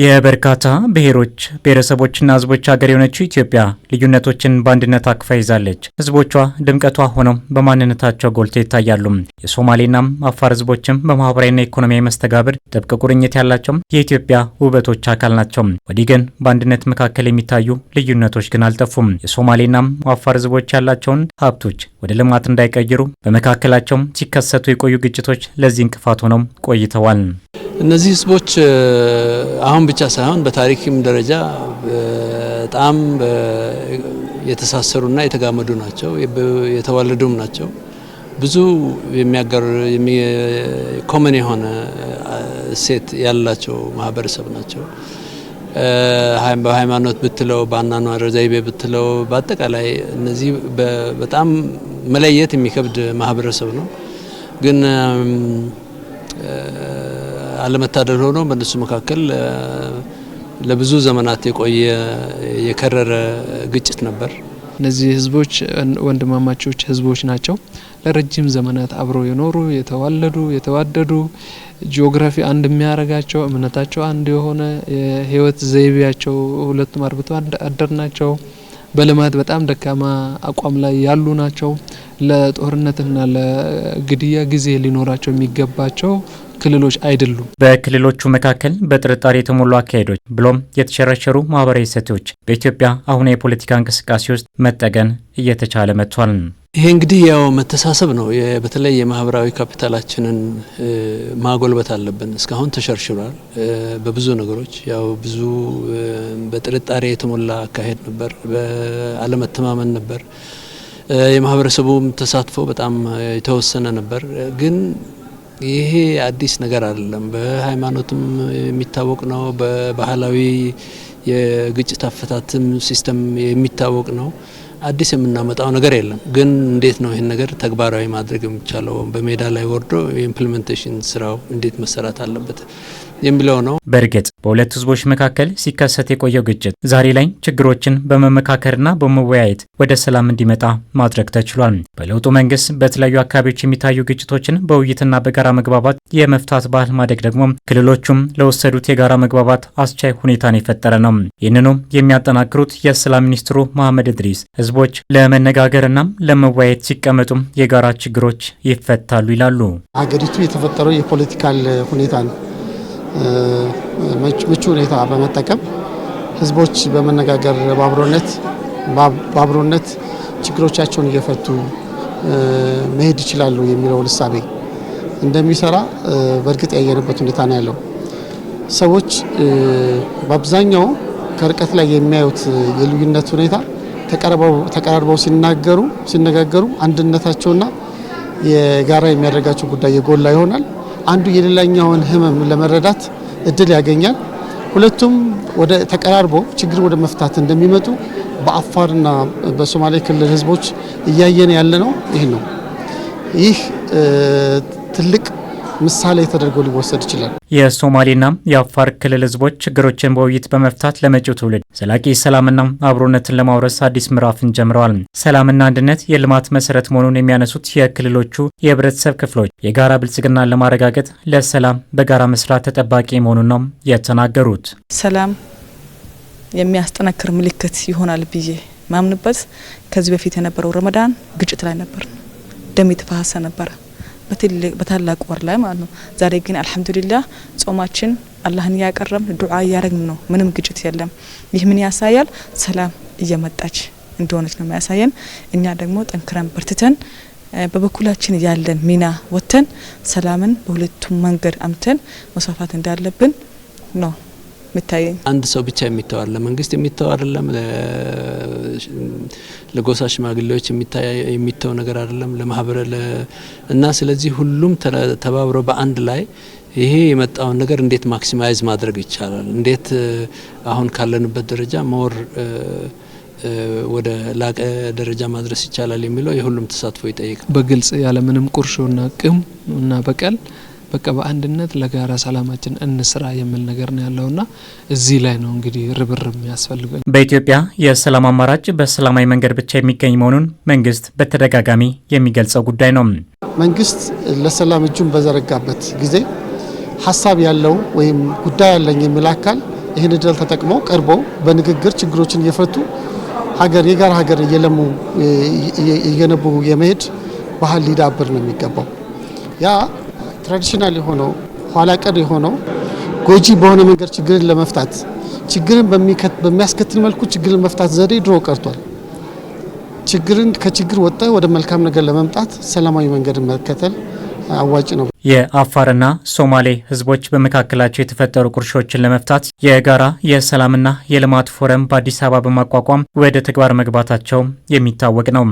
የበርካታ ብሔሮች ብሔረሰቦችና ሕዝቦች ሀገር የሆነችው ኢትዮጵያ ልዩነቶችን በአንድነት አቅፋ ይዛለች። ሕዝቦቿ ድምቀቷ ሆነው በማንነታቸው ጎልተው ይታያሉ። የሶማሌና አፋር ሕዝቦችም በማህበራዊና ኢኮኖሚያዊ መስተጋብር ጥብቅ ቁርኝት ያላቸው የኢትዮጵያ ውበቶች አካል ናቸው። ወዲህ ግን በአንድነት መካከል የሚታዩ ልዩነቶች ግን አልጠፉም። የሶማሌና አፋር ሕዝቦች ያላቸውን ሀብቶች ወደ ልማት እንዳይቀይሩ በመካከላቸው ሲከሰቱ የቆዩ ግጭቶች ለዚህ እንቅፋት ሆነው ቆይተዋል። እነዚህ ህዝቦች አሁን ብቻ ሳይሆን በታሪክም ደረጃ በጣም የተሳሰሩና የተጋመዱ ናቸው፣ የተዋለዱም ናቸው። ብዙ ኮመን የሆነ ሴት ያላቸው ማህበረሰብ ናቸው። በሃይማኖት ብትለው፣ በአኗኗር ዘይቤ ብትለው፣ በአጠቃላይ እነዚህ በጣም መለየት የሚከብድ ማህበረሰብ ነው ግን አለመታደል ሆኖ በእነሱ መካከል ለብዙ ዘመናት የቆየ የከረረ ግጭት ነበር። እነዚህ ህዝቦች ወንድማማቾች ህዝቦች ናቸው። ለረጅም ዘመናት አብረው የኖሩ የተዋለዱ የተዋደዱ ጂኦግራፊ አንድ የሚያደርጋቸው እምነታቸው አንድ የሆነ የህይወት ዘይቤያቸው ሁለቱም አርብቶ አደር ናቸው። በልማት በጣም ደካማ አቋም ላይ ያሉ ናቸው። ለጦርነትና ለግድያ ጊዜ ሊኖራቸው የሚገባቸው ክልሎች አይደሉም። በክልሎቹ መካከል በጥርጣሬ የተሞሉ አካሄዶች ብሎም የተሸረሸሩ ማህበራዊ እሴቶች በኢትዮጵያ አሁን የፖለቲካ እንቅስቃሴ ውስጥ መጠገን እየተቻለ መጥቷል። ይሄ እንግዲህ ያው መተሳሰብ ነው። በተለይ የማህበራዊ ካፒታላችንን ማጎልበት አለብን። እስካሁን ተሸርሽሯል በብዙ ነገሮች። ያው ብዙ በጥርጣሬ የተሞላ አካሄድ ነበር፣ በአለመተማመን ነበር። የማህበረሰቡም ተሳትፎ በጣም የተወሰነ ነበር። ግን ይሄ አዲስ ነገር አይደለም። በሃይማኖትም የሚታወቅ ነው። በባህላዊ የግጭት አፈታትም ሲስተም የሚታወቅ ነው። አዲስ የምናመጣው ነገር የለም። ግን እንዴት ነው ይህን ነገር ተግባራዊ ማድረግ የሚቻለው? በሜዳ ላይ ወርዶ የኢምፕሊመንቴሽን ስራው እንዴት መሰራት አለበት? የሚለው ነው። በእርግጥ በሁለት ህዝቦች መካከል ሲከሰት የቆየው ግጭት ዛሬ ላይ ችግሮችን በመመካከርና በመወያየት ወደ ሰላም እንዲመጣ ማድረግ ተችሏል። በለውጡ መንግስት በተለያዩ አካባቢዎች የሚታዩ ግጭቶችን በውይይትና በጋራ መግባባት የመፍታት ባህል ማደግ ደግሞ ክልሎቹም ለወሰዱት የጋራ መግባባት አስቻይ ሁኔታን የፈጠረ ነው። ይህንኑ የሚያጠናክሩት የሰላም ሚኒስትሩ መሐመድ እድሪስ ህዝቦች ለመነጋገርና ለመወያየት ሲቀመጡም የጋራ ችግሮች ይፈታሉ ይላሉ። አገሪቱ የተፈጠረው የፖለቲካል ሁኔታ ነው ምቹ ሁኔታ በመጠቀም ህዝቦች በመነጋገር በአብሮነት በአብሮነት ችግሮቻቸውን እየፈቱ መሄድ ይችላሉ የሚለውን እሳቤ እንደሚሰራ በእርግጥ ያየንበት ሁኔታ ነው ያለው። ሰዎች በአብዛኛው ከርቀት ላይ የሚያዩት የልዩነት ሁኔታ ተቀራርበው ሲናገሩ ሲነጋገሩ አንድነታቸውና የጋራ የሚያደርጋቸው ጉዳይ የጎላ ይሆናል። አንዱ የሌላኛውን ህመም ለመረዳት እድል ያገኛል። ሁለቱም ወደ ተቀራርቦ ችግር ወደ መፍታት እንደሚመጡ በአፋርና በሶማሌ ክልል ህዝቦች እያየን ያለ ነው። ይህ ነው። ይህ ትልቅ ምሳሌ ተደርጎ ሊወሰድ ይችላል። የሶማሌና የአፋር ክልል ህዝቦች ችግሮችን በውይይት በመፍታት ለመጪው ትውልድ ዘላቂ ሰላምና አብሮነትን ለማውረስ አዲስ ምዕራፍን ጀምረዋል። ሰላምና አንድነት የልማት መሰረት መሆኑን የሚያነሱት የክልሎቹ የህብረተሰብ ክፍሎች የጋራ ብልጽግናን ለማረጋገጥ ለሰላም በጋራ መስራት ተጠባቂ መሆኑን ነው የተናገሩት። ሰላም የሚያስጠነክር ምልክት ይሆናል ብዬ ማምንበት ከዚህ በፊት የነበረው ረመዳን ግጭት ላይ ነበር፣ ደም የተፋሰ ነበረ። በታላቅ ወር ላይ ማለት ነው። ዛሬ ግን አልሐምዱሊላ ጾማችን አላህን እያቀረብን ዱዓ እያደረግን ነው። ምንም ግጭት የለም። ይህ ምን ያሳያል? ሰላም እየመጣች እንደሆነች ነው የሚያሳየን። እኛ ደግሞ ጠንክረን በርትተን በበኩላችን ያለን ሚና ወጥተን ሰላምን በሁለቱም መንገድ አምተን መስፋፋት እንዳለብን ነው። የምታየኝ። አንድ ሰው ብቻ የሚተው አይደለም፣ መንግስት የሚተው አይደለም፣ ለጎሳ ሽማግሌዎች የሚተው ነገር አይደለም፣ ለማህበረ እና ስለዚህ ሁሉም ተባብረው በአንድ ላይ ይሄ የመጣውን ነገር እንዴት ማክሲማይዝ ማድረግ ይቻላል፣ እንዴት አሁን ካለንበት ደረጃ ሞር ወደ ላቀ ደረጃ ማድረስ ይቻላል የሚለው የሁሉም ተሳትፎ ይጠይቃል። በግልጽ ያለምንም ቁርሾና ቅም እና በቀል በቃ በአንድነት ለጋራ ሰላማችን እንስራ የሚል ነገር ነው ያለውና እዚህ ላይ ነው እንግዲህ ርብር የሚያስፈልገው። በኢትዮጵያ የሰላም አማራጭ በሰላማዊ መንገድ ብቻ የሚገኝ መሆኑን መንግስት በተደጋጋሚ የሚገልጸው ጉዳይ ነው። መንግስት ለሰላም እጁን በዘረጋበት ጊዜ ሀሳብ ያለው ወይም ጉዳይ ያለኝ የሚል አካል ይህን እድል ተጠቅሞ ቀርቦ በንግግር ችግሮችን እየፈቱ ሀገር የጋራ ሀገር እየለሙ እየነቡ የመሄድ ባህል ሊዳብር ነው የሚገባው ያ ትራዲሽናል የሆነው ኋላ ቀር የሆነው ጎጂ በሆነ መንገድ ችግርን ለመፍታት ችግርን በሚያስከትል መልኩ ችግርን መፍታት ዘዴ ድሮ ቀርቷል። ችግርን ከችግር ወጠ ወደ መልካም ነገር ለመምጣት ሰላማዊ መንገድን መከተል አዋጭ ነው። የአፋርና ሶማሌ ህዝቦች በመካከላቸው የተፈጠሩ ቁርሾችን ለመፍታት የጋራ የሰላምና የልማት ፎረም በአዲስ አበባ በማቋቋም ወደ ተግባር መግባታቸው የሚታወቅ ነው።